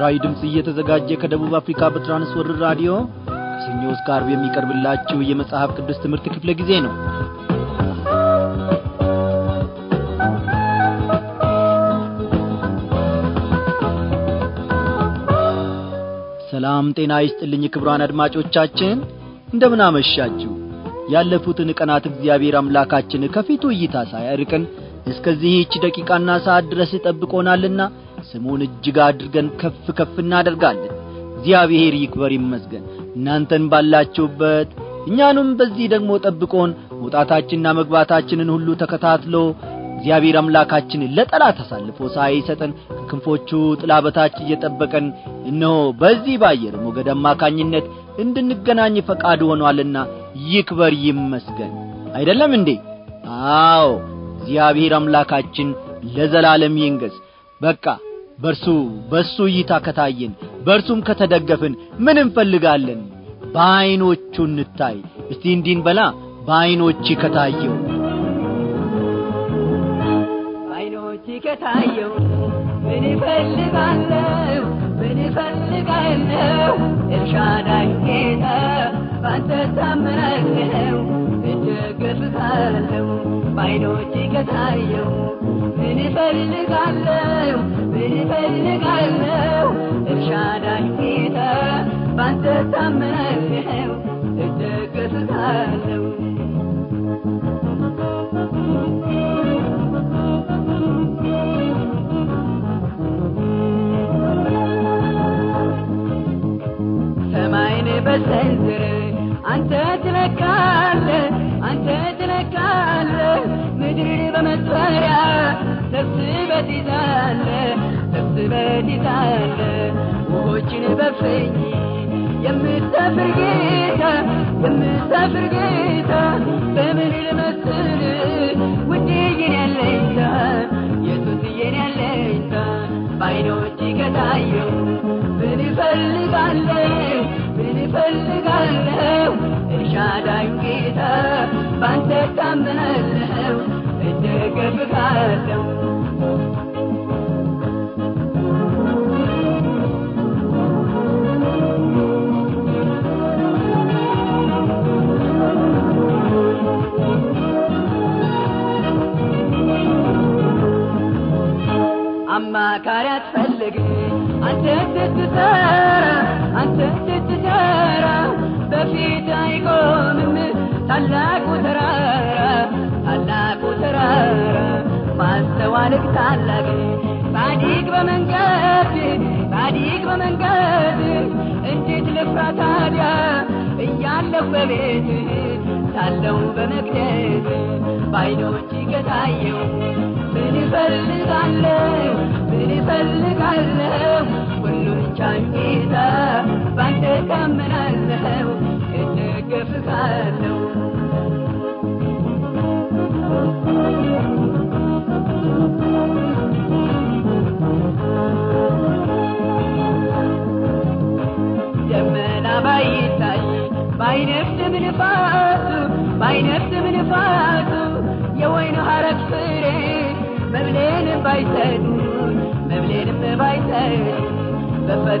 ለምስራዊ ድምፅ እየተዘጋጀ ከደቡብ አፍሪካ በትራንስወርልድ ራዲዮ ከሰኞ ጋር የሚቀርብላችሁ የመጽሐፍ ቅዱስ ትምህርት ክፍለ ጊዜ ነው ሰላም ጤና ይስጥልኝ ክብሯን አድማጮቻችን እንደምን አመሻችሁ ያለፉትን ቀናት እግዚአብሔር አምላካችን ከፊቱ እይታ ሳያርቅን እስከዚህች ደቂቃና ሰዓት ድረስ ጠብቆናልና ስሙን እጅግ አድርገን ከፍ ከፍ እናደርጋለን እግዚአብሔር ይክበር ይመስገን እናንተን ባላችሁበት እኛንም በዚህ ደግሞ ጠብቆን መውጣታችንና መግባታችንን ሁሉ ተከታትሎ እግዚአብሔር አምላካችን ለጠላት አሳልፎ ሳይሰጠን ከክንፎቹ ጥላበታች በታች እየጠበቀን እነሆ በዚህ ባየር ሞገድ አማካኝነት እንድንገናኝ ፈቃድ ሆኗልና ይክበር ይመስገን አይደለም እንዴ አዎ እግዚአብሔር አምላካችን ለዘላለም ይንገስ በቃ በርሱ በሱ እይታ ከታየን በርሱም ከተደገፍን ምን እንፈልጋለን በዐይኖቹ እንታይ እስቲ እንዲን በላ በዐይኖች ከታየው በዐይኖች ከታየው ምን ይፈልጋለሁ ምን ይፈልጋለሁ እርሻዳይ ጌታ ባንተ ታምራለሁ እደገፍታለሁ በዐይኖች ከታየው ምን እፈልጋለሁ ምን እፈልጋለሁ እልሻዳይ ጌታ ባንተ ታምናለሁ የምሰፍር ጌታ የምሰፍር ጌታ ያለው በመቅደስ ባይኖች ከታየው ምን ይፈልጋለ ምን ይፈልጋለ ሁሉን ቻንጌታ ባንተ ከምናለው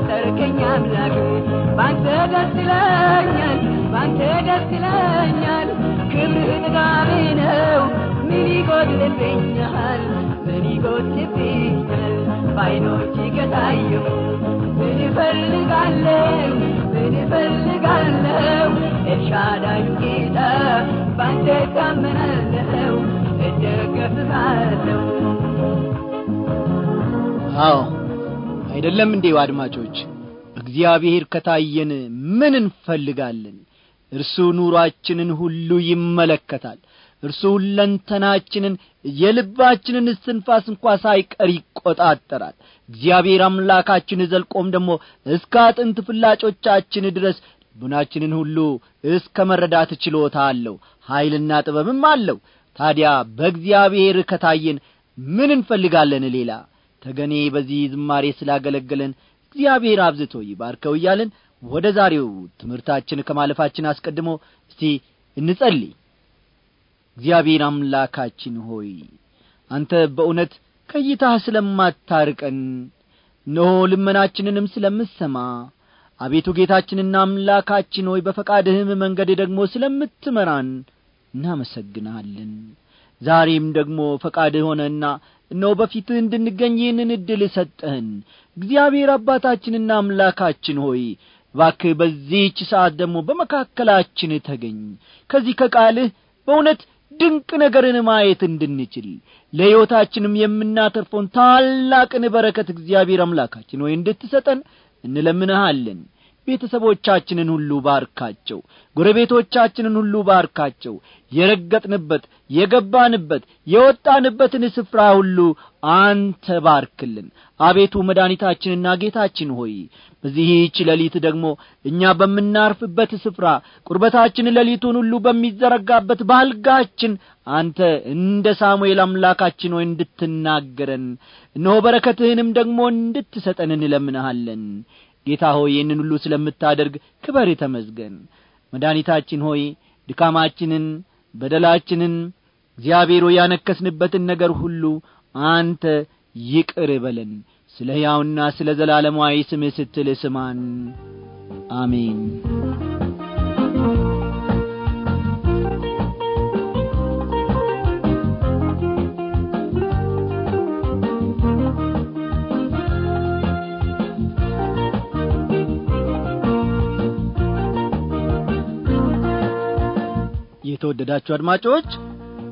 የፈጠርከኝ አምላክ ባንተ ደስ ይለኛል ባንተ ደስ ይለኛል ክብርህ ጥጋቤ ነው ምን ይጎድልብኛል ምን ይጎድልብኛል ባይኖች ከታዩ ምን እፈልጋለሁ ምን እፈልጋለሁ ኤልሻዳዩ ጌታ ባንተ እታመናለሁ እደገፍሃለሁ አዎ አይደለም እንዴ አድማጮች እግዚአብሔር ከታየን ምን እንፈልጋለን እርሱ ኑሯችንን ሁሉ ይመለከታል እርሱ ሁለንተናችንን የልባችንን እስትንፋስ እንኳ ሳይቀር ይቆጣጠራል እግዚአብሔር አምላካችን ዘልቆም ደግሞ እስከ አጥንት ፍላጮቻችን ድረስ ልቡናችንን ሁሉ እስከ መረዳት ችሎታ አለው ኀይልና ጥበብም አለው ታዲያ በእግዚአብሔር ከታየን ምን እንፈልጋለን ሌላ ተገኔ በዚህ ዝማሬ ስላገለገለን እግዚአብሔር አብዝቶ ይባርከው እያልን ወደ ዛሬው ትምህርታችን ከማለፋችን አስቀድሞ እስቲ እንጸልይ እግዚአብሔር አምላካችን ሆይ አንተ በእውነት ከይታህ ስለማታርቀን እነሆ ልመናችንንም ስለምሰማ አቤቱ ጌታችንና አምላካችን ሆይ በፈቃድህም መንገድ ደግሞ ስለምትመራን እናመሰግናለን። ዛሬም ደግሞ ፈቃድ ሆነና እነሆ በፊትህ እንድንገኝ ይህንን ዕድል ሰጠህን እግዚአብሔር አባታችንና አምላካችን ሆይ ባክህ በዚህች ሰዓት ደግሞ በመካከላችን ተገኝ ከዚህ ከቃልህ በእውነት ድንቅ ነገርን ማየት እንድንችል ለሕይወታችንም የምናተርፈውን ታላቅን በረከት እግዚአብሔር አምላካችን ሆይ እንድትሰጠን እንለምንሃለን ቤተሰቦቻችንን ሁሉ ባርካቸው ጎረቤቶቻችንን ሁሉ ባርካቸው የረገጥንበት የገባንበት የወጣንበትን ስፍራ ሁሉ አንተ ባርክልን አቤቱ መድኃኒታችንና ጌታችን ሆይ በዚህ በዚህች ሌሊት ደግሞ እኛ በምናርፍበት ስፍራ ቁርበታችን ሌሊቱን ሁሉ በሚዘረጋበት ባልጋችን አንተ እንደ ሳሙኤል አምላካችን ሆይ እንድትናገረን እነሆ በረከትህንም ደግሞ እንድትሰጠን እንለምንሃለን ጌታ ሆይ ይህንን ሁሉ ስለምታደርግ ክበር ተመዝገን መድኃኒታችን ሆይ ድካማችንን በደላችንን እግዚአብሔሮ ያነከስንበትን ነገር ሁሉ አንተ ይቅር በለን ስለ ሕያውና ስለ ዘላለማዊ ስምህ ስትል ስማን አሜን የተወደዳችሁ አድማጮች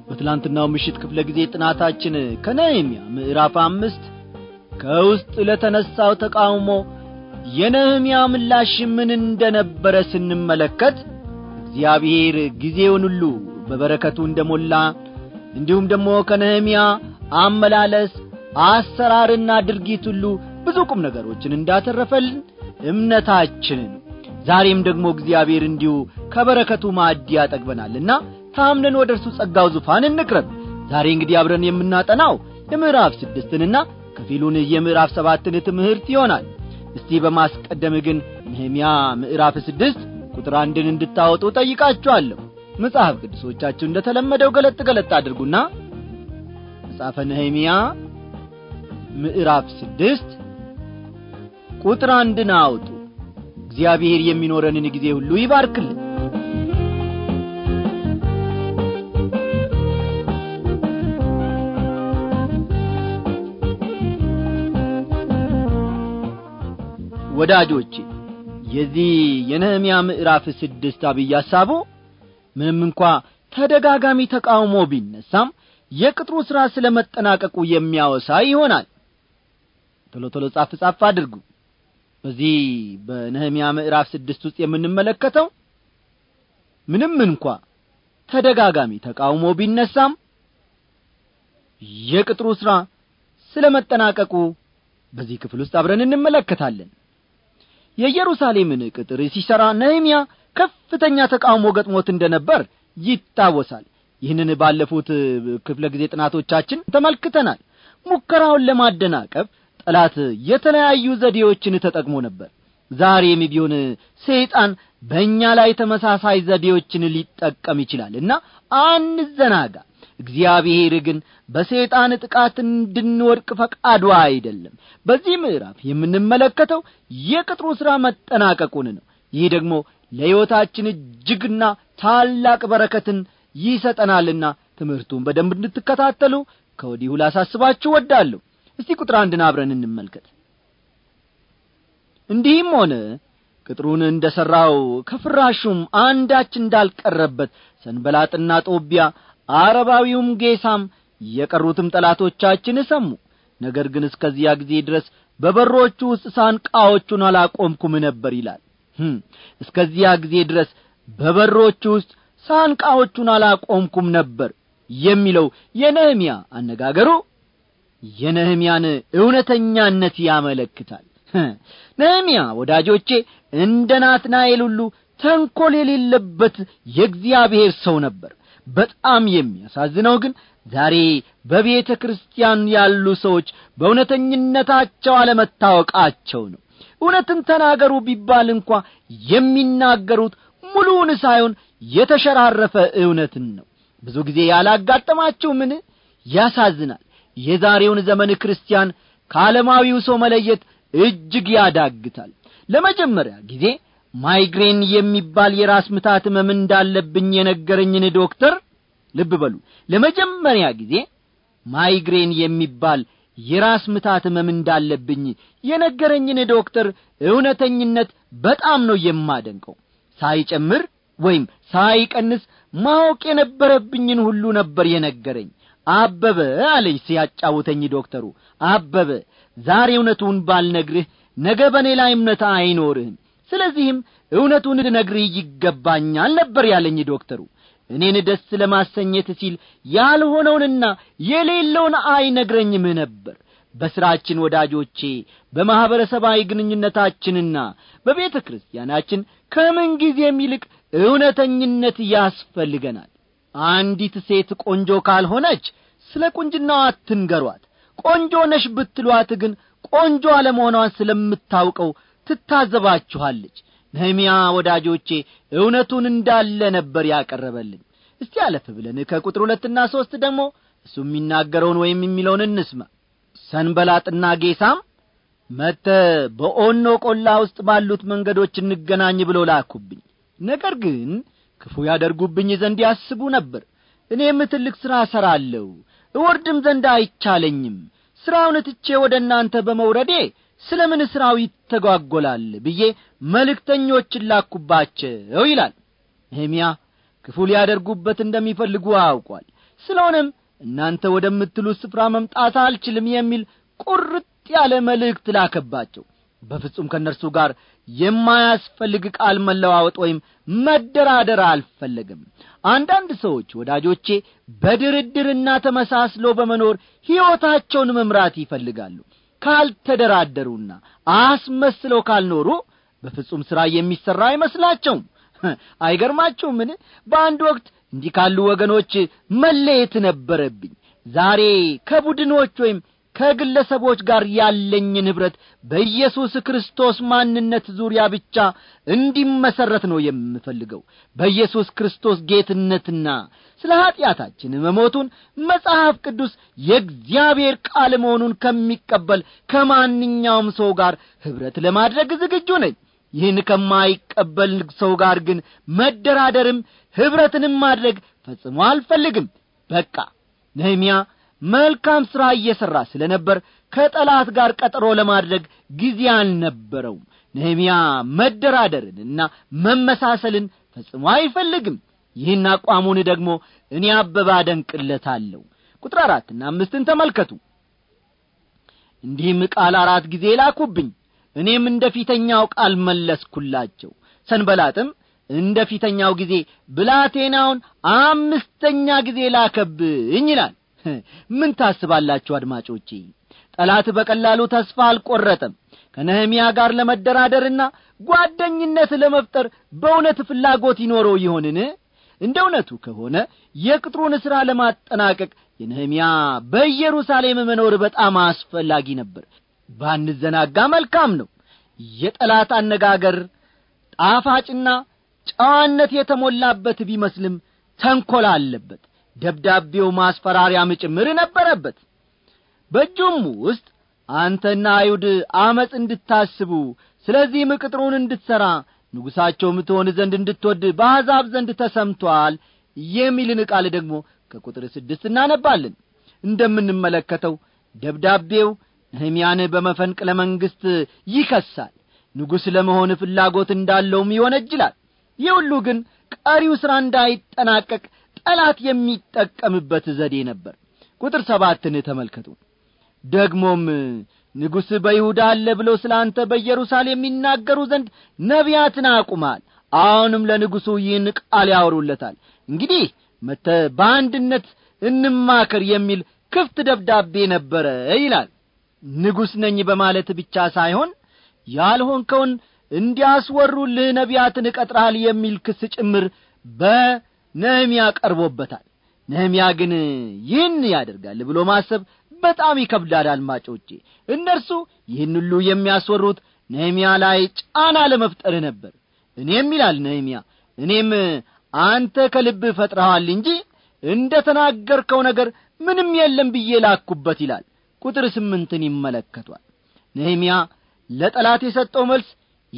በትላንትናው ምሽት ክፍለ ጊዜ ጥናታችን ከነህምያ ምዕራፍ አምስት ከውስጥ ለተነሣው ተቃውሞ የነህምያ ምላሽ ምን እንደነበረ ስንመለከት እግዚአብሔር ጊዜውን ሁሉ በበረከቱ እንደሞላ እንዲሁም ደግሞ ከነህምያ አመላለስ አሰራርና ድርጊት ሁሉ ብዙ ቁም ነገሮችን እንዳተረፈልን እምነታችንን ዛሬም ደግሞ እግዚአብሔር እንዲሁ ከበረከቱ ማዕድ ያጠግበናልና ታምነን ወደ እርሱ ጸጋው ዙፋን እንቅረብ ዛሬ እንግዲህ አብረን የምናጠናው የምዕራፍ ስድስትንና ከፊሉን የምዕራፍ ሰባትን ትምህርት ይሆናል እስቲ በማስቀደም ግን ነህምያ ምዕራፍ ስድስት ቁጥር አንድን እንድታወጡ ጠይቃችኋለሁ መጽሐፍ ቅዱሶቻችሁ እንደ ተለመደው ገለጥ ገለጥ አድርጉና መጽሐፈ ነህምያ ምዕራፍ ስድስት ቁጥር አንድን አውጡ እግዚአብሔር የሚኖረንን ጊዜ ሁሉ ይባርክልን ወዳጆቼ የዚህ የነህምያ ምዕራፍ ስድስት አብይ ሐሳቡ ምንም እንኳ ተደጋጋሚ ተቃውሞ ቢነሳም የቅጥሩ ሥራ ስለ መጠናቀቁ የሚያወሳ ይሆናል ቶሎ ቶሎ ጻፍ ጻፍ አድርጉ በዚህ በነህምያ ምዕራፍ ስድስት ውስጥ የምንመለከተው ምንም እንኳ ተደጋጋሚ ተቃውሞ ቢነሳም የቅጥሩ ሥራ ስለ መጠናቀቁ በዚህ ክፍል ውስጥ አብረን እንመለከታለን የኢየሩሳሌምን ቅጥር ሲሠራ ነህምያ ከፍተኛ ተቃውሞ ገጥሞት እንደነበር ይታወሳል ይህንን ባለፉት ክፍለ ጊዜ ጥናቶቻችን ተመልክተናል ሙከራውን ለማደናቀፍ ጠላት የተለያዩ ዘዴዎችን ተጠቅሞ ነበር ዛሬም ቢሆን ሰይጣን በእኛ ላይ ተመሳሳይ ዘዴዎችን ሊጠቀም ይችላል እና አንዘናጋ እግዚአብሔር ግን በሰይጣን ጥቃት እንድንወድቅ ፈቃዱ አይደለም በዚህ ምዕራፍ የምንመለከተው የቅጥሩ ሥራ መጠናቀቁን ነው ይህ ደግሞ ለሕይወታችን እጅግና ታላቅ በረከትን ይሰጠናልና ትምህርቱን በደንብ እንድትከታተሉ ከወዲሁ ላሳስባችሁ ወዳለሁ እስቲ ቁጥር አንድን አብረን እንመልከት እንዲህም ሆነ ቅጥሩን እንደ ሠራው ከፍራሹም አንዳች እንዳልቀረበት ሰንበላጥና ጦቢያ አረባዊውም ጌሳም የቀሩትም ጠላቶቻችን ሰሙ ነገር ግን እስከዚያ ጊዜ ድረስ በበሮቹ ውስጥ ሳንቃዎቹን አላቆምኩም ነበር ይላል እስከዚያ ጊዜ ድረስ በበሮቹ ውስጥ ሳንቃዎቹን አላቆምኩም ነበር የሚለው የነህሚያ አነጋገሩ የነህሚያን እውነተኛነት ያመለክታል ነህሚያ ወዳጆቼ እንደ ናትናኤል ሁሉ ተንኰል የሌለበት የእግዚአብሔር ሰው ነበር በጣም የሚያሳዝነው ግን ዛሬ በቤተ ክርስቲያን ያሉ ሰዎች በእውነተኝነታቸው አለመታወቃቸው ነው እውነትን ተናገሩ ቢባል እንኳ የሚናገሩት ሙሉውን ሳይሆን የተሸራረፈ እውነትን ነው ብዙ ጊዜ ያላጋጠማችሁ ምን ያሳዝናል የዛሬውን ዘመን ክርስቲያን ከዓለማዊው ሰው መለየት እጅግ ያዳግታል ለመጀመሪያ ጊዜ ማይግሬን የሚባል የራስ ምታት ህመም እንዳለብኝ የነገረኝን ዶክተር ልብ በሉ ለመጀመሪያ ጊዜ ማይግሬን የሚባል የራስ ምታት ህመም እንዳለብኝ የነገረኝን ዶክተር እውነተኝነት በጣም ነው የማደንቀው ሳይጨምር ወይም ሳይቀንስ ማወቅ የነበረብኝን ሁሉ ነበር የነገረኝ አበበ አለኝ ሲያጫውተኝ ዶክተሩ አበበ ዛሬ እውነቱን ባልነግርህ ነገ በእኔ ላይ እምነት አይኖርህም ስለዚህም እውነቱን ልነግርህ ይገባኛል ነበር ያለኝ ዶክተሩ እኔን ደስ ለማሰኘት ሲል ያልሆነውንና የሌለውን አይነግረኝም ነበር በሥራችን ወዳጆቼ በማኅበረሰባዊ ግንኙነታችንና በቤተ ክርስቲያናችን ከምን ጊዜም ይልቅ እውነተኝነት ያስፈልገናል አንዲት ሴት ቆንጆ ካልሆነች ስለ ቁንጅናዋ አትንገሯት ቆንጆ ነሽ ብትሏት ግን ቆንጆ አለመሆኗን ስለምታውቀው ትታዘባችኋለች ነህምያ ወዳጆቼ እውነቱን እንዳለ ነበር ያቀረበልን እስቲ አለፍ ብለን ከቁጥር ሁለትና ሦስት ደግሞ እሱ የሚናገረውን ወይም የሚለውን እንስማ ሰንበላጥና ጌሳም መተ በኦኖ ቆላ ውስጥ ባሉት መንገዶች እንገናኝ ብሎ ላኩብኝ ነገር ግን ክፉ ያደርጉብኝ ዘንድ ያስቡ ነበር እኔም ትልቅ ሥራ እሠራለሁ እወርድም ዘንድ አይቻለኝም ሥራውን ትቼ ወደ እናንተ በመውረዴ ስለ ምን ሥራው ይተጓጐላል ብዬ መልእክተኞችን ላኩባቸው ይላል ነህምያ ክፉ ሊያደርጉበት እንደሚፈልጉ አውቋል ስለሆነም እናንተ ወደምትሉት ስፍራ መምጣት አልችልም የሚል ቁርጥ ያለ መልእክት ላከባቸው በፍጹም ከእነርሱ ጋር የማያስፈልግ ቃል መለዋወጥ ወይም መደራደር አልፈለግም አንዳንድ ሰዎች ወዳጆቼ በድርድርና ተመሳስሎ በመኖር ሕይወታቸውን መምራት ይፈልጋሉ ካልተደራደሩና አስመስለው ካልኖሩ በፍጹም ሥራ የሚሠራ አይመስላቸውም አይገርማችሁምን በአንድ ወቅት እንዲህ ካሉ ወገኖች መለየት ነበረብኝ ዛሬ ከቡድኖች ወይም ከግለሰቦች ጋር ያለኝን ኅብረት በኢየሱስ ክርስቶስ ማንነት ዙሪያ ብቻ እንዲመሠረት ነው የምፈልገው በኢየሱስ ክርስቶስ ጌትነትና ስለ ኀጢአታችን መሞቱን መጽሐፍ ቅዱስ የእግዚአብሔር ቃል መሆኑን ከሚቀበል ከማንኛውም ሰው ጋር ኅብረት ለማድረግ ዝግጁ ነኝ ይህን ከማይቀበል ሰው ጋር ግን መደራደርም ኅብረትንም ማድረግ ፈጽሞ አልፈልግም በቃ ነህምያ መልካም ሥራ እየሠራ ስለ ነበር ከጠላት ጋር ቀጠሮ ለማድረግ ጊዜ አልነበረውም ነህምያ መደራደርንና መመሳሰልን ፈጽሞ አይፈልግም ይህን አቋሙን ደግሞ እኔ አበባ አደንቅለታለሁ ቁጥር አራትና አምስትን ተመልከቱ እንዲህም ቃል አራት ጊዜ ላኩብኝ እኔም እንደ ፊተኛው ቃል መለስኩላቸው ሰንበላጥም እንደ ፊተኛው ጊዜ ብላቴናውን አምስተኛ ጊዜ ላከብኝ ይላል ምን ታስባላችሁ አድማጮቼ ጠላት በቀላሉ ተስፋ አልቈረጠም ከነህሚያ ጋር ለመደራደርና ጓደኝነት ለመፍጠር በእውነት ፍላጎት ይኖረው ይሆንን እንደ እውነቱ ከሆነ የቅጥሩን ሥራ ለማጠናቀቅ የነህምያ በኢየሩሳሌም መኖር በጣም አስፈላጊ ነበር ባንዘናጋ መልካም ነው የጠላት አነጋገር ጣፋጭና ጨዋነት የተሞላበት ቢመስልም ተንኰል አለበት ደብዳቤው ማስፈራሪያም ጭምር ነበረበት በእጁም ውስጥ አንተና አይሁድ አመፅ እንድታስቡ ስለዚህም ቅጥሩን እንድትሠራ ንጉሣቸውም ትሆን ዘንድ እንድትወድ በአሕዛብ ዘንድ ተሰምቶአል የሚልን ቃል ደግሞ ከቁጥር ስድስት እናነባለን እንደምንመለከተው ደብዳቤው ነህምያን በመፈንቅለ መንግሥት ይከሳል ንጉሥ ለመሆን ፍላጎት እንዳለውም ይወነጅላል ይህ ሁሉ ግን ቀሪው ሥራ እንዳይጠናቀቅ ጠላት የሚጠቀምበት ዘዴ ነበር ቁጥር ሰባትን ተመልከቱ ደግሞም ንጉሥ በይሁዳ አለ ብሎ ስለ አንተ በኢየሩሳሌም የሚናገሩ ዘንድ ነቢያትን አቁማል አሁንም ለንጉሡ ይህን ቃል ያወሩለታል እንግዲህ መተ በአንድነት እንማከር የሚል ክፍት ደብዳቤ ነበረ ይላል ንጉሥ ነኝ በማለት ብቻ ሳይሆን ያልሆንከውን እንዲያስወሩልህ ነቢያትን እቀጥራል የሚል ክስ ጭምር በነህምያ ቀርቦበታል ነህምያ ግን ይህን ያደርጋል ብሎ ማሰብ በጣም ይከብዳል አድማጮቼ እነርሱ ይህን ሁሉ የሚያስወሩት ነህምያ ላይ ጫና ለመፍጠር ነበር እኔም ይላል ነህምያ እኔም አንተ ከልብህ ፈጥረሃል እንጂ እንደ ተናገርከው ነገር ምንም የለም ብዬ ላኩበት ይላል ቁጥር ስምንትን ይመለከቷል ነህምያ ለጠላት የሰጠው መልስ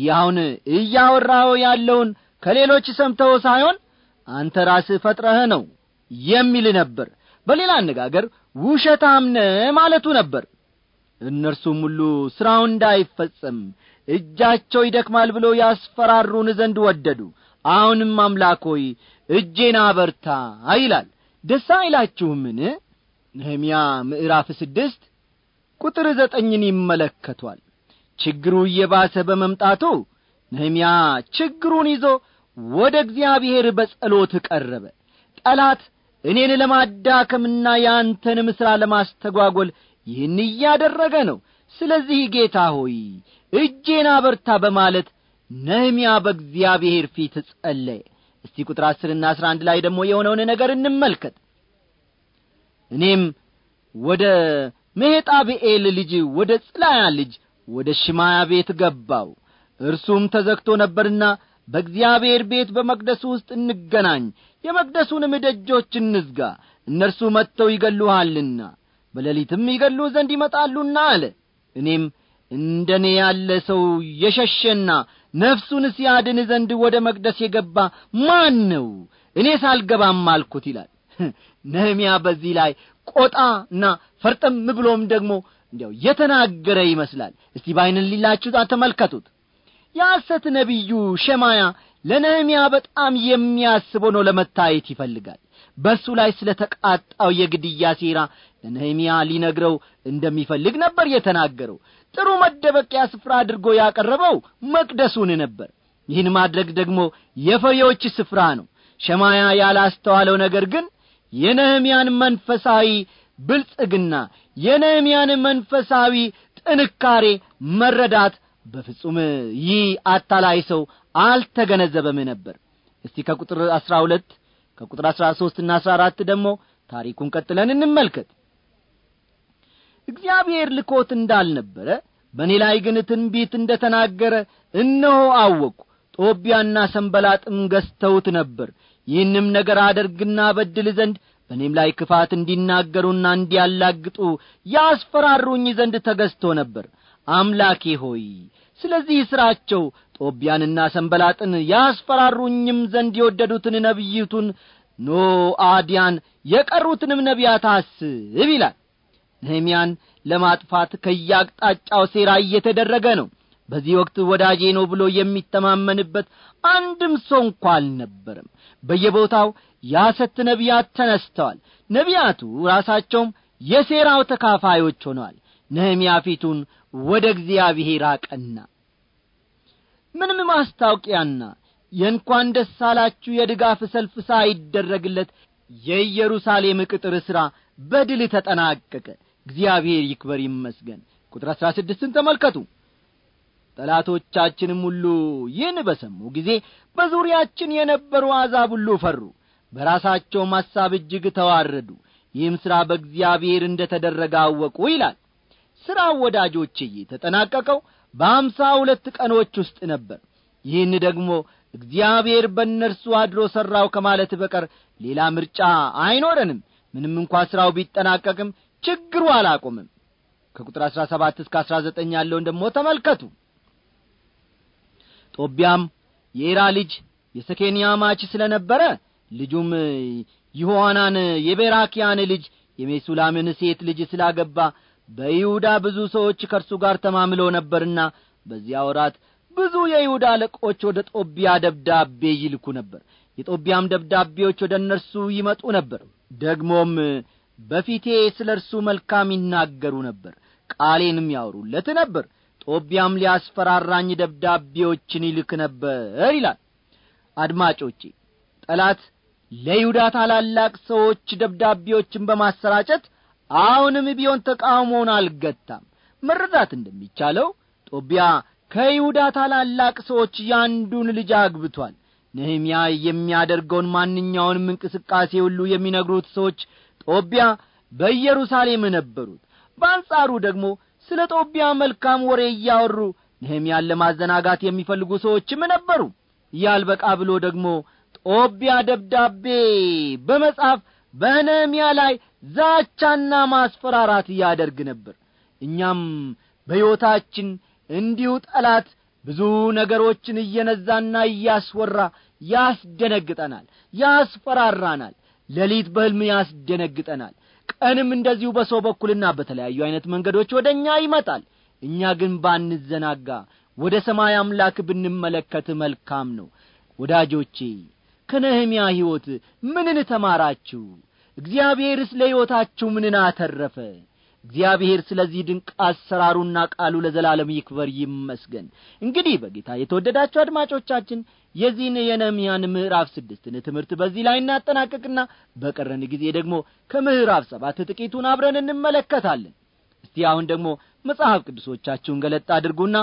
ያሁን እያወራኸው ያለውን ከሌሎች ሰምተው ሳይሆን አንተ ራስህ ፈጥረህ ነው የሚል ነበር በሌላ አነጋገር ውሸታም ነ ማለቱ ነበር እነርሱም ሁሉ ሥራው እንዳይፈጸም እጃቸው ይደክማል ብሎ ያስፈራሩን ዘንድ ወደዱ አሁንም አምላክ ሆይ እጄን አበርታ ይላል ደስ አይላችሁምን ነህምያ ምዕራፍ ስድስት ቁጥር ዘጠኝን ይመለከቷል ችግሩ እየባሰ በመምጣቱ ነህምያ ችግሩን ይዞ ወደ እግዚአብሔር በጸሎት ቀረበ ጠላት እኔን ለማዳከምና የአንተንም ሥራ ለማስተጓጐል ይህን እያደረገ ነው ስለዚህ ጌታ ሆይ እጄን አበርታ በማለት ነህምያ በእግዚአብሔር ፊት ጸለየ እስቲ ቁጥር አስርና አስራ አንድ ላይ ደግሞ የሆነውን ነገር እንመልከት እኔም ወደ መሄጣብኤል ልጅ ወደ ጽላያ ልጅ ወደ ሽማያ ቤት ገባው እርሱም ተዘግቶ ነበርና በእግዚአብሔር ቤት በመቅደሱ ውስጥ እንገናኝ የመቅደሱንም ደጆች እንዝጋ እነርሱ መጥተው ይገሉሃልና በሌሊትም ይገሉ ዘንድ ይመጣሉና አለ እኔም እንደ እኔ ያለ ሰው የሸሸና ነፍሱን ሲያድን ዘንድ ወደ መቅደስ የገባ ማን ነው እኔ ሳልገባም አልኩት ይላል ነህምያ በዚህ ላይ ቆጣና ፈርጠም ብሎም ደግሞ እንዲያው የተናገረ ይመስላል እስቲ ባይንን ሊላችሁ ተመልከቱት የሐሰት ነቢዩ ሸማያ ለነህሚያ በጣም የሚያስበው ነው ለመታየት ይፈልጋል በእሱ ላይ ስለ ተቃጣው የግድያ ሴራ ለነህሚያ ሊነግረው እንደሚፈልግ ነበር የተናገረው ጥሩ መደበቂያ ስፍራ አድርጎ ያቀረበው መቅደሱን ነበር ይህን ማድረግ ደግሞ የፈሪዎች ስፍራ ነው ሸማያ ያላስተዋለው ነገር ግን የነህምያን መንፈሳዊ ብልጽግና የነህምያን መንፈሳዊ ጥንካሬ መረዳት በፍጹም ይህ አታላይ ሰው አልተገነዘበም ነበር እስቲ ከቁጥር አስራ ሁለት ከቁጥር አስራ ሦስትና አስራ አራት ደግሞ ታሪኩን ቀጥለን እንመልከት እግዚአብሔር ልኮት እንዳልነበረ በእኔ ላይ ግን ትንቢት እንደ ተናገረ እነሆ አወቅሁ ጦቢያና ሰንበላጥም ገዝተውት ነበር ይህንም ነገር አደርግና በድል ዘንድ በእኔም ላይ ክፋት እንዲናገሩና እንዲያላግጡ ያስፈራሩኝ ዘንድ ተገዝቶ ነበር አምላኬ ሆይ ስለዚህ ሥራቸው ጦቢያንና ሰንበላጥን ያስፈራሩኝም ዘንድ የወደዱትን ነቢይቱን ኖአዲያን የቀሩትንም ነቢያት አስብ ይላል ነህምያን ለማጥፋት ከያቅጣጫው ሴራ እየተደረገ ነው በዚህ ወቅት ወዳጄ ነው ብሎ የሚተማመንበት አንድም ሰው እንኳ አልነበረም በየቦታው ያሰት ነቢያት ተነስተዋል ነቢያቱ ራሳቸውም የሴራው ተካፋዮች ሆነዋል ነህምያ ፊቱን ወደ እግዚአብሔር አቀና ምንም ማስታወቂያና የእንኳን ደስ አላችሁ የድጋፍ ሰልፍ ሳይደረግለት የኢየሩሳሌም ቅጥር ሥራ በድል ተጠናቀቀ እግዚአብሔር ይክበር ይመስገን ቁጥር አሥራ ስድስትን ተመልከቱ ጠላቶቻችንም ሁሉ ይህን በሰሙ ጊዜ በዙሪያችን የነበሩ አዛብ ሁሉ ፈሩ በራሳቸው ማሳብ እጅግ ተዋረዱ ይህም ሥራ በእግዚአብሔር እንደ ተደረገ አወቁ ይላል ሥራ ወዳጆችዬ ተጠናቀቀው በአምሳ ሁለት ቀኖች ውስጥ ነበር ይህን ደግሞ እግዚአብሔር በእነርሱ አድሮ ሠራው ከማለት በቀር ሌላ ምርጫ አይኖረንም ምንም እንኳ ሥራው ቢጠናቀቅም ችግሩ አላቆምም ከቁጥር አሥራ ሰባት እስከ አሥራ ዘጠኝ ያለውን ደግሞ ተመልከቱ ጦቢያም የኤራ ልጅ ማች ስለ ነበረ ልጁም ይሆናን የቤራኪያን ልጅ የሜሱላምን ሴት ልጅ ስላገባ በይሁዳ ብዙ ሰዎች ከእርሱ ጋር ተማምለው ነበርና በዚያ ወራት ብዙ የይሁዳ አለቆች ወደ ጦቢያ ደብዳቤ ይልኩ ነበር የጦቢያም ደብዳቤዎች ወደ እነርሱ ይመጡ ነበር ደግሞም በፊቴ ስለ እርሱ መልካም ይናገሩ ነበር ቃሌንም ያወሩለት ነበር ጦቢያም ሊያስፈራራኝ ደብዳቤዎችን ይልክ ነበር ይላል አድማጮቼ ጠላት ለይሁዳ ታላላቅ ሰዎች ደብዳቤዎችን በማሰራጨት አሁንም ቢሆን ተቃውሞውን አልገታም መረዳት እንደሚቻለው ጦቢያ ከይሁዳ ታላላቅ ሰዎች ያንዱን ልጅ አግብቷል ነህምያ የሚያደርገውን ማንኛውንም እንቅስቃሴ ሁሉ የሚነግሩት ሰዎች ጦቢያ በኢየሩሳሌም ነበሩት በአንጻሩ ደግሞ ስለ ጦቢያ መልካም ወሬ እያወሩ ነህምያን ለማዘናጋት የሚፈልጉ ሰዎችም ነበሩ ያልበቃ ብሎ ደግሞ ጦቢያ ደብዳቤ በመጻፍ በነሚያ ላይ ዛቻና ማስፈራራት ያደርግ ነበር እኛም በሕይወታችን እንዲሁ ጠላት ብዙ ነገሮችን እየነዛና እያስወራ ያስደነግጠናል ያስፈራራናል ሌሊት በሕልም ያስደነግጠናል ቀንም እንደዚሁ በሰው በኩልና በተለያዩ ዐይነት መንገዶች ወደ እኛ ይመጣል እኛ ግን ባንዘናጋ ወደ ሰማይ አምላክ ብንመለከት መልካም ነው ወዳጆቼ ከነህምያ ሕይወት ምንን ተማራችሁ እግዚአብሔርስ ለሕይወታችሁ ምንን አተረፈ እግዚአብሔር ስለዚህ ድንቅ አሰራሩና ቃሉ ለዘላለም ይክበር ይመስገን እንግዲህ በጌታ የተወደዳችሁ አድማጮቻችን የዚህን የነህምያን ምዕራፍ ስድስትን ትምህርት በዚህ ላይ እናጠናቅቅና በቀረን ጊዜ ደግሞ ከምዕራፍ ሰባት ጥቂቱን አብረን እንመለከታለን እስቲ አሁን ደግሞ መጽሐፍ ቅዱሶቻችሁን ገለጥ አድርጉና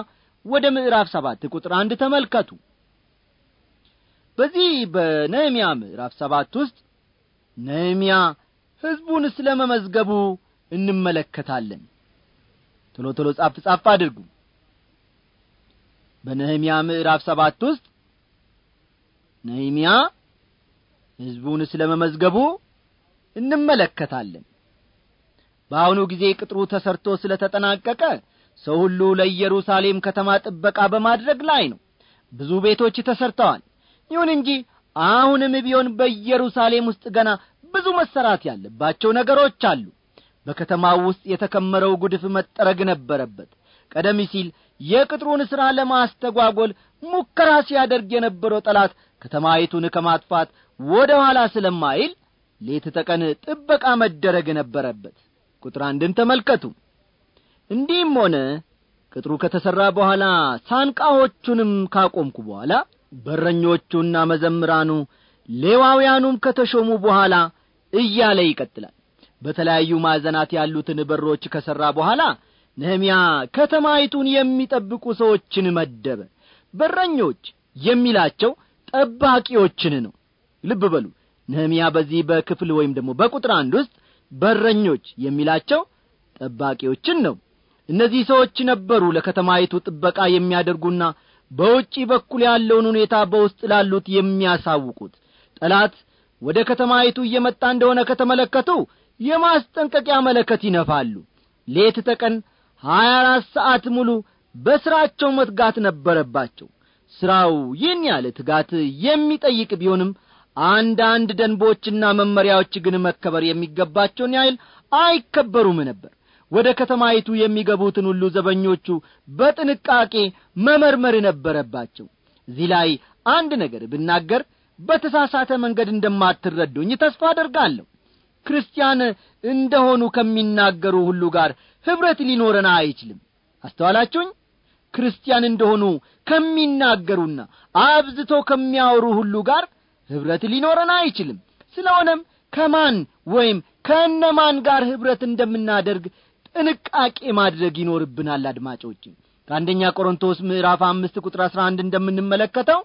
ወደ ምዕራፍ ሰባት ቁጥር አንድ ተመልከቱ በዚህ በነህምያ ምዕራፍ ሰባት ውስጥ ነህምያ ሕዝቡን ስለ መመዝገቡ እንመለከታለን ቶሎ ቶሎ ጻፍ ጻፍ አድርጉ በነህምያ ምዕራፍ ሰባት ውስጥ ነህምያ ሕዝቡን ስለ መመዝገቡ እንመለከታለን በአሁኑ ጊዜ ቅጥሩ ተሰርቶ ስለ ተጠናቀቀ ሰው ሁሉ ለኢየሩሳሌም ከተማ ጥበቃ በማድረግ ላይ ነው ብዙ ቤቶች ተሰርተዋል ይሁን እንጂ አሁንም ቢሆን በኢየሩሳሌም ውስጥ ገና ብዙ መሰራት ያለባቸው ነገሮች አሉ በከተማው ውስጥ የተከመረው ጉድፍ መጠረግ ነበረበት ቀደም ሲል የቅጥሩን ሥራ ለማስተጓጐል ሙከራ ሲያደርግ የነበረው ጠላት ከተማይቱን ከማጥፋት ወደ ኋላ ስለማይል ሌት ተቀን ጥበቃ መደረግ ነበረበት ቁጥር አንድን ተመልከቱ እንዲህም ሆነ ቅጥሩ ከተሠራ በኋላ ሳንቃዎቹንም ካቆምኩ በኋላ በረኞቹና መዘምራኑ ሌዋውያኑም ከተሾሙ በኋላ እያለ ይቀጥላል በተለያዩ ማዕዘናት ያሉትን በሮች ከሠራ በኋላ ነህምያ ከተማይቱን የሚጠብቁ ሰዎችን መደበ በረኞች የሚላቸው ጠባቂዎችን ነው ልብ በሉ ነህምያ በዚህ በክፍል ወይም ደግሞ በቁጥር አንድ ውስጥ በረኞች የሚላቸው ጠባቂዎችን ነው እነዚህ ሰዎች ነበሩ ለከተማይቱ ጥበቃ የሚያደርጉና በውጪ በኩል ያለውን ሁኔታ በውስጥ ላሉት የሚያሳውቁት ጠላት ወደ ከተማይቱ እየመጣ እንደሆነ ከተመለከቱ የማስጠንቀቂያ መለከት ይነፋሉ ሌት ተቀን ሀያ አራት ሰዓት ሙሉ በሥራቸው መትጋት ነበረባቸው ሥራው ይህን ያለ ትጋት የሚጠይቅ ቢሆንም አንዳንድ ደንቦችና መመሪያዎች ግን መከበር የሚገባቸውን ያህል አይከበሩም ነበር ወደ ከተማይቱ የሚገቡትን ሁሉ ዘበኞቹ በጥንቃቄ መመርመር ነበረባቸው እዚህ ላይ አንድ ነገር ብናገር በተሳሳተ መንገድ እንደማትረዱኝ ተስፋ አደርጋለሁ ክርስቲያን እንደሆኑ ከሚናገሩ ሁሉ ጋር ኅብረት ሊኖረን አይችልም አስተዋላችሁኝ ክርስቲያን እንደሆኑ ከሚናገሩና አብዝቶ ከሚያወሩ ሁሉ ጋር ኅብረት ሊኖረን አይችልም ስለሆነም ከማን ወይም ከእነማን ጋር ኅብረት እንደምናደርግ ጥንቃቄ ማድረግ ይኖርብናል አድማጮች ከአንደኛ ቆሮንቶስ ምዕራፍ አምስት ቁጥር አስራ አንድ እንደምንመለከተው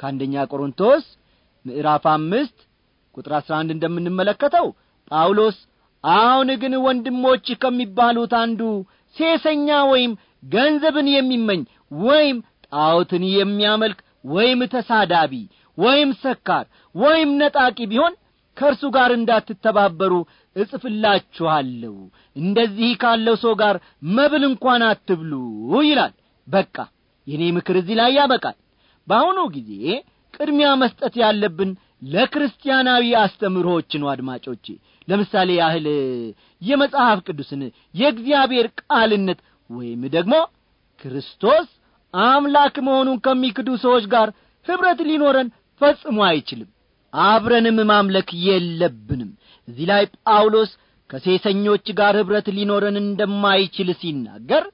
ከአንደኛ ቆሮንቶስ ምዕራፍ አምስት ቁጥር አስራ አንድ እንደምንመለከተው ጳውሎስ አሁን ግን ወንድሞች ከሚባሉት አንዱ ሴሰኛ ወይም ገንዘብን የሚመኝ ወይም ጣዖትን የሚያመልክ ወይም ተሳዳቢ ወይም ሰካር ወይም ነጣቂ ቢሆን ከእርሱ ጋር እንዳትተባበሩ እጽፍላችኋለሁ እንደዚህ ካለው ሰው ጋር መብል እንኳን አትብሉ ይላል በቃ የእኔ ምክር እዚህ ላይ ያበቃል በአሁኑ ጊዜ ቅድሚያ መስጠት ያለብን ለክርስቲያናዊ አስተምሮች ነው አድማጮቼ ለምሳሌ ያህል የመጽሐፍ ቅዱስን የእግዚአብሔር ቃልነት ወይም ደግሞ ክርስቶስ አምላክ መሆኑን ከሚክዱ ሰዎች ጋር ኅብረት ሊኖረን ፈጽሞ አይችልም አብረንም ማምለክ የለብንም እዚህ ላይ ጳውሎስ ከሴሰኞች ጋር ኅብረት ሊኖረን እንደማይችል ሲናገር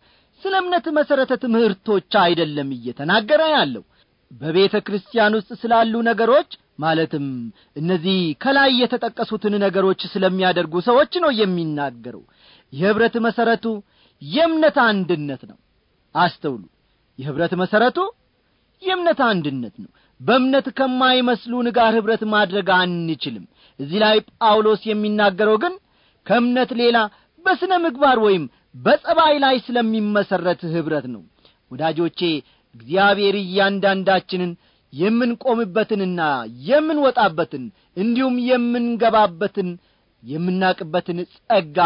ስለ እምነት መሠረተ ትምህርቶች አይደለም እየተናገረ ያለው በቤተ ክርስቲያን ውስጥ ስላሉ ነገሮች ማለትም እነዚህ ከላይ የተጠቀሱትን ነገሮች ስለሚያደርጉ ሰዎች ነው የሚናገረው የኅብረት መሠረቱ የእምነት አንድነት ነው አስተውሉ የኅብረት መሠረቱ የእምነት አንድነት ነው በእምነት ከማይመስሉን ጋር ኅብረት ማድረግ አንችልም እዚህ ላይ ጳውሎስ የሚናገረው ግን ከእምነት ሌላ በሥነ ምግባር ወይም በጸባይ ላይ ስለሚመሠረት ኅብረት ነው ወዳጆቼ እግዚአብሔር እያንዳንዳችንን የምንቆምበትንና የምንወጣበትን እንዲሁም የምንገባበትን የምናቅበትን ጸጋ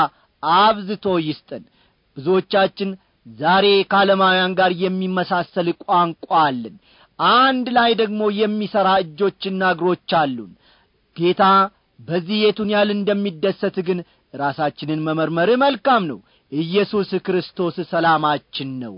አብዝቶ ይስጠን ብዙዎቻችን ዛሬ ከዓለማውያን ጋር የሚመሳሰል ቋንቋ አለን አንድ ላይ ደግሞ የሚሠራ እጆችና እግሮች አሉን ጌታ በዚህ የቱን ያህል እንደሚደሰት ግን ራሳችንን መመርመር መልካም ነው ኢየሱስ ክርስቶስ ሰላማችን ነው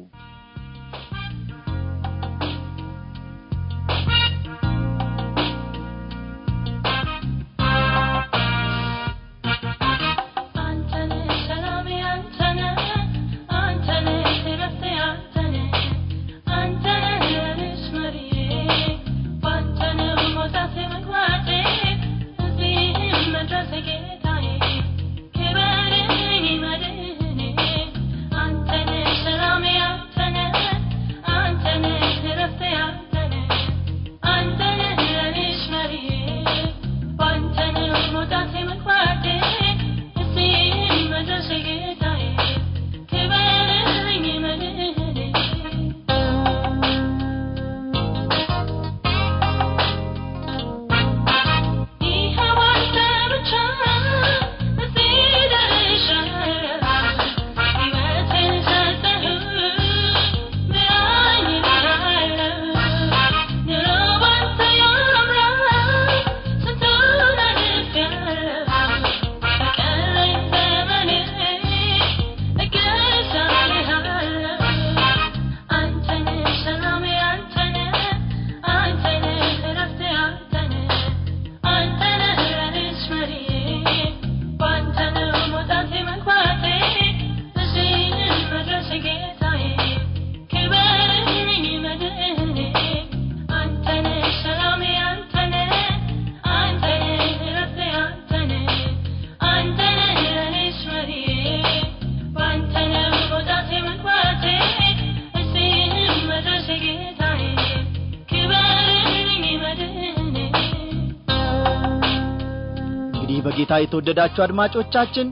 የተወደዳችሁ አድማጮቻችን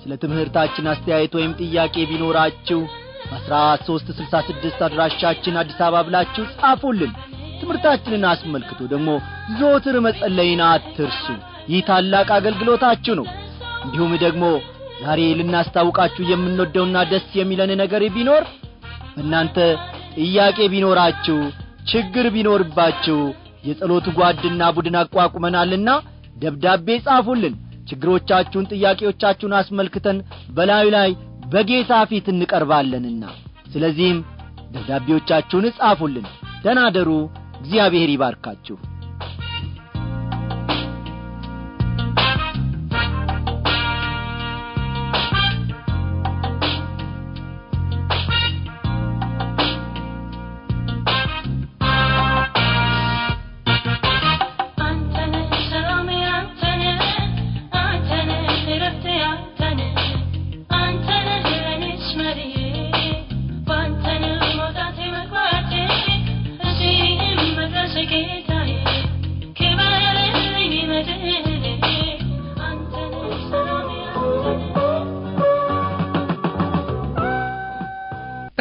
ስለ ትምህርታችን አስተያየት ወይም ጥያቄ ቢኖራችሁ በአሥራ ሦስት ስልሳ ስድስት አድራሻችን አዲስ አበባ ብላችሁ ጻፉልን ትምህርታችንን አስመልክቶ ደግሞ ዞትር መጸለይን አትርሱ ይህ ታላቅ አገልግሎታችሁ ነው እንዲሁም ደግሞ ዛሬ ልናስታውቃችሁ የምንወደውና ደስ የሚለን ነገር ቢኖር እናንተ ጥያቄ ቢኖራችሁ ችግር ቢኖርባችሁ የጸሎት ጓድና ቡድን አቋቁመናልና ደብዳቤ ጻፉልን ችግሮቻችሁን ጥያቄዎቻችሁን አስመልክተን በላዩ ላይ በጌታ ፊት እንቀርባለንና ስለዚህም ደብዳቤዎቻችሁን ጻፉልን ደናደሩ እግዚአብሔር ይባርካችሁ